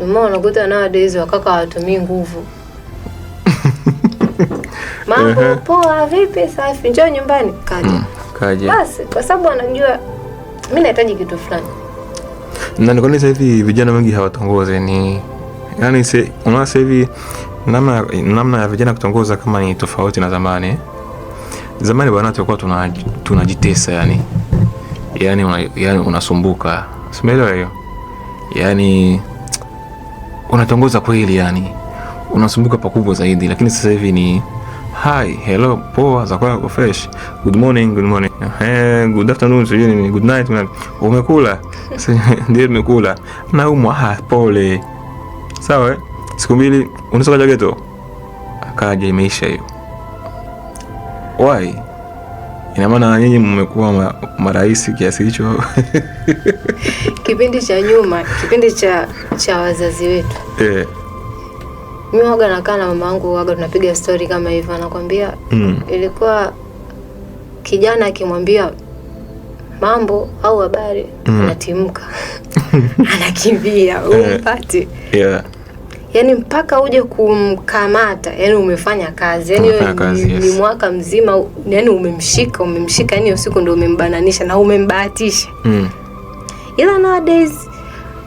Mama anakuta nowadays wakaka hawatumii nguvu mambo uh -huh. Poa, vipi? Safi, njoo nyumbani, kaja mm, kaja basi, kwa sababu anajua mimi nahitaji kitu fulani. Na niko sasa hivi vijana wengi hawatongoze ni yani, se unaona sasa hivi namna namna ya vijana kutongoza kama ni tofauti na zamani. Eh? Zamani bwana, tulikuwa tuna tunajitesa yani yani, una, yani unasumbuka, simeelewa hiyo yani unatongoza kweli, yani unasumbuka pakubwa zaidi, lakini sasa hivi ni hi hello, poa za kwako, fresh, good morning, good morning, eh, good afternoon, sijui nini, good night, umekula? Ndio, nimekula. Naumwa? Ah, pole. Sawa, eh, siku mbili unaweza kaja geto? Akaja, imeisha hiyo. Why? Ina maana nyinyi mmekuwa marais kiasi hicho? Kipindi cha nyuma, kipindi cha cha wazazi wetu eh. Mimi waga nakaa na mama yangu, waga tunapiga stori kama hivyo, anakwambia mm. ilikuwa kijana akimwambia mambo au habari mm. anatimka anakimbia eh. umpati yeah. Yani mpaka uje kumkamata, yani umefanya kazi, yani ni yes. mwaka mzima, yani umemshika umemshika, yani usiku ndio umembananisha na umembahatisha mm. ila nowadays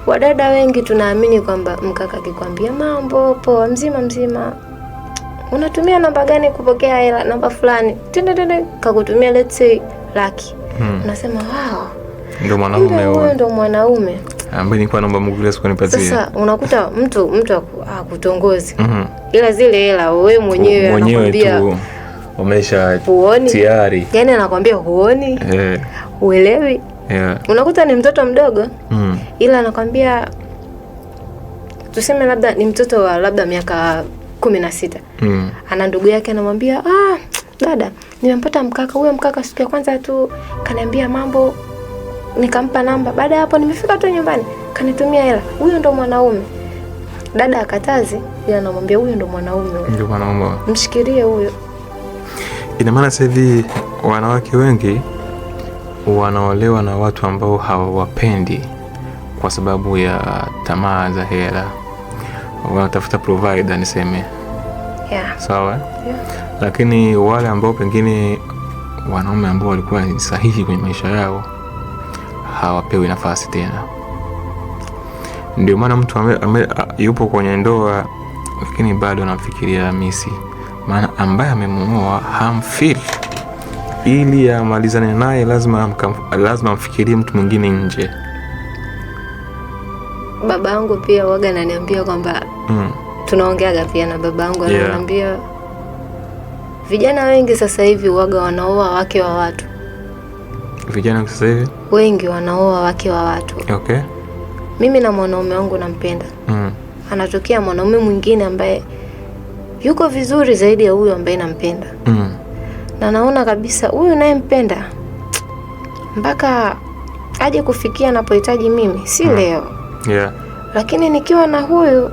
Wadada wengi tunaamini kwamba mkaka akikwambia mambo poa, mzima mzima, unatumia namba gani kupokea hela, namba fulani tendetende, kakutumia let's say laki, hmm. Unasema wow, ndo mwanaume huyo, ndo mwanaume ambaye ah, nilikuwa naomba Mungu ile Sasa unakuta mtu mtu akutongozi mm -hmm. ila zile hela wewe mwenyewe anakwambia umesha tayari, yani anakwambia huoni, eh. uelewi yeah. Unakuta ni mtoto mdogo mm. ila anakwambia tuseme labda ni mtoto wa labda miaka kumi na sita mm. ana ndugu yake anamwambia, ah, dada nimempata mkaka. Huyo mkaka siku ya kwanza tu kaniambia mambo, nikampa namba. Baada ya hapo nimefika tu nyumbani kanitumia hela. Huyo ndo mwanaume. Dada akatazi, ila anamwambia huyo ndo mwanaume, mshikirie huyo. Ina maana sasa hivi wanawake wengi wanaolewa na watu ambao hawawapendi kwa sababu ya tamaa za hela, wanatafuta provider niseme, yeah. Sawa, yeah. Lakini wale ambao pengine wanaume ambao walikuwa ni sahihi kwenye maisha yao hawapewi nafasi tena. Ndio maana mtu ame, ame, yupo kwenye ndoa lakini bado anamfikiria misi, maana ambaye amemuoa hamfili ili amalizane naye lazima, lazima amfikirie mtu mwingine nje. Baba yangu pia waga ananiambia kwamba mm. tunaongeaga pia na baba yangu ananiambia yeah. vijana wengi sasa hivi waga wanaoa wake wa watu vijana sasa hivi wengi wanaoa wake wa watu. Okay. Mimi na mwanaume wangu nampenda mm. anatokea mwanaume mwingine ambaye yuko vizuri zaidi ya huyo ambaye nampenda mm na naona kabisa huyu nayempenda mpaka aje kufikia anapohitaji mimi si hmm. leo yeah. Lakini nikiwa na huyu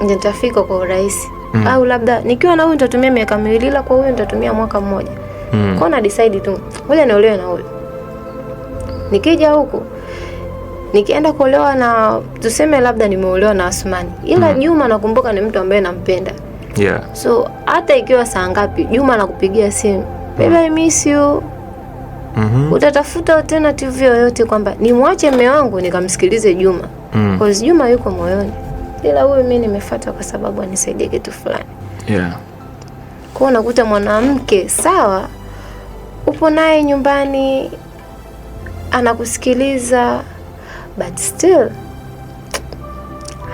nitafika kwa urahisi mm. Au labda nikiwa na huyu nitatumia miaka miwili, ila kwa huyu nitatumia mwaka mmoja mm. Kwa na decide tu ngoja niolewe na huyu, nikija huku nikienda kuolewa na tuseme labda nimeolewa na Asmani, ila Juma hmm. mm. nakumbuka ni mtu ambaye nampenda yeah. So hata ikiwa saa ngapi Juma anakupigia simu baby, I miss you mm -hmm. Utatafuta alternative yoyote kwamba nimwache mume wangu nikamsikilize Juma mm. Cause Juma yuko moyoni, ila huyu mimi nimefuata kwa sababu anisaidie kitu fulani yeah. Kwa unakuta mwanamke sawa, upo naye nyumbani anakusikiliza, but still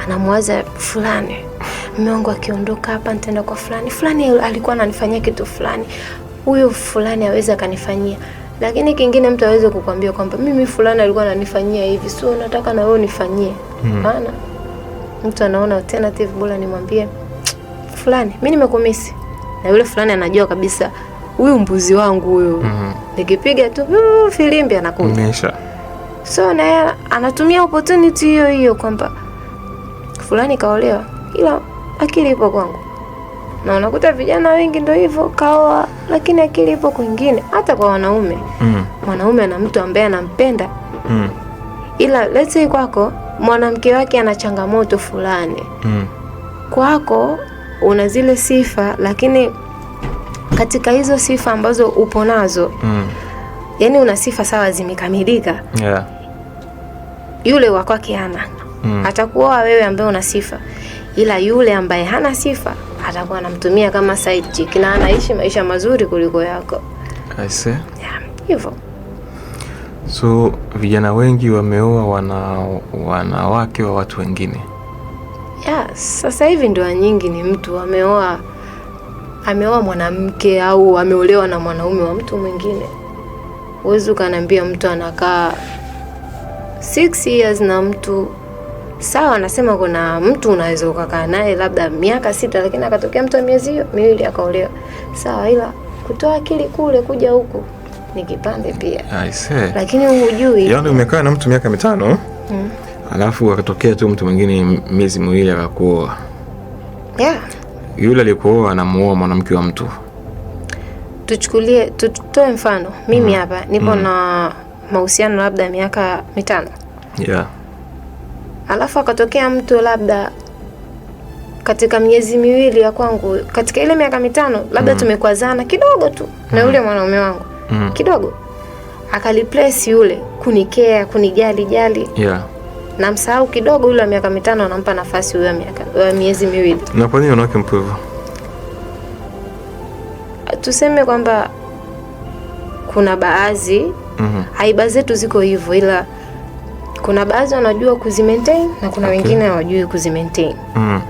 anamwaza fulani mume wangu akiondoka hapa nitaenda kwa fulani fulani, alikuwa ananifanyia kitu fulani, huyu fulani awezi akanifanyia. Lakini kingine mtu aweze kukwambia kwamba mimi fulani alikuwa ananifanyia hivi, sio nataka na wewe unifanyie. Hmm. Hapana. Hmm. Mtu anaona alternative, bora nimwambie fulani, mimi nimekumisi, na yule fulani anajua kabisa huyu mbuzi wangu huyu, mm -hmm. nikipiga tu filimbi anakuja So naye anatumia opportunity hiyo hiyo kwamba fulani kaolewa, ila akili ipo kwangu, na unakuta vijana wengi ndio hivyo kaoa, lakini akili ipo kwingine. Hata kwa wanaume mm. mwanaume ana mtu ambaye anampenda mm. ila let's say kwako mwanamke wake ana changamoto fulani mm. kwako una zile sifa, lakini katika hizo sifa ambazo upo nazo mm. yani una sifa sawa zimekamilika, yeah. yule wa kwake ana mm. atakuoa wewe ambaye una sifa, ila yule ambaye hana sifa atakuwa anamtumia kama side chick na anaishi maisha mazuri kuliko yako. I see. Yeah, hivyo so vijana wengi wameoa wana wanawake wa watu wengine. Yeah, sasa hivi ndoa nyingi ni mtu ameoa ameoa mwanamke au ameolewa na mwanaume wa mtu mwingine. Huwezi ukaniambia mtu anakaa six years na mtu Sawa, anasema kuna mtu unaweza ukakaa naye labda miaka sita, lakini akatokea mtu wa miezi hiyo miwili akaolewa. Sawa, ila kutoa akili kule kuja huku ni kipande pia, lakini hujui. Yaani umekaa na mtu miaka mitano mm. alafu akatokea tu mtu mwingine miezi miwili akakuoa. Yeah. Yule alikuoa anamuoa mwanamke wa mtu. Tuchukulie, tutoe mfano mimi mm-hmm. hapa mm. nipo mm. na mahusiano labda miaka mitano yeah alafu akatokea mtu labda katika miezi miwili ya kwangu, katika ile miaka mitano labda mm. tumekwazana kidogo tu na mm. yule mwanaume wangu mm. kidogo, akaliplace yule kunikea kunijali jali yeah. msahau kidogo yule wa miaka mitano, anampa nafasi huyo wa miezi miwili. Na kwa nini wanawake mpo Tuseme kwamba kuna baadhi mm mm-hmm. -hmm. aiba zetu ziko hivyo ila kuna baadhi wanajua kuzimaintain na kuna okay. wengine hawajui kuzimaintain mm.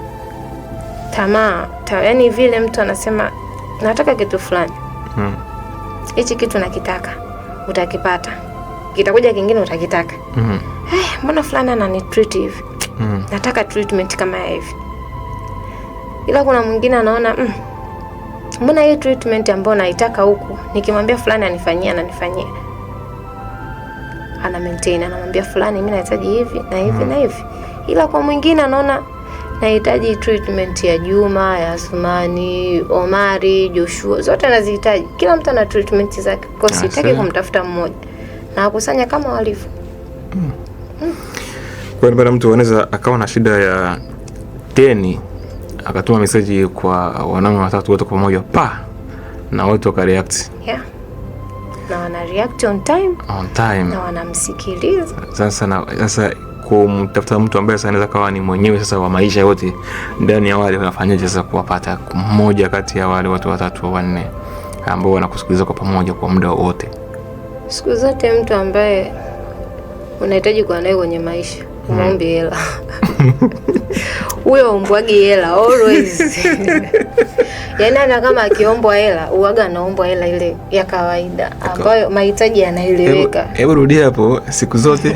tamaa ta, yani vile mtu anasema nataka kitu fulani mm. hichi mm. kitu nakitaka utakipata kitakuja kingine utakitaka mm. Mm-hmm. Hey, eh, mbona fulani ananitreat hivi mm. nataka treatment kama hivi ila kuna mwingine anaona mm, mbona hii treatment ambayo naitaka huku nikimwambia fulani anifanyia ananifanyia ana maintain, anamwambia fulani, mimi nahitaji hivi na hivi mm. na hivi, ila kwa mwingine anaona nahitaji treatment ya Juma, ya Asmani, Omari, Joshua, zote anazihitaji. Kila mtu ana treatment zake, kwa hiyo sitaki kumtafuta mmoja na akusanya kama walivyo. Mm. Mm. Kwa mtu anaweza akawa na shida ya deni akatuma meseji kwa wanaume watatu wote kwa pamoja pa na wote wakareact. Yeah na wana react on time, on time na wanamsikiliza. Sasa sasa kumtafuta mtu ambaye sasa anaweza kawa ni mwenyewe sasa wa maisha yote ndani ya wale, wanafanyaje sasa kuwapata mmoja kati ya wale watu watatu au wanne ambao wanakusikiliza kwa pamoja kwa muda wote? Siku zote mtu ambaye unahitaji kuwa naye kwenye maisha hmm. umwombi hela huyo umbwagi hela always Yaani ana kama akiombwa hela uwaga anaombwa hela ile ya kawaida ambayo mahitaji yanaeleweka. Hebu rudia hapo siku zote.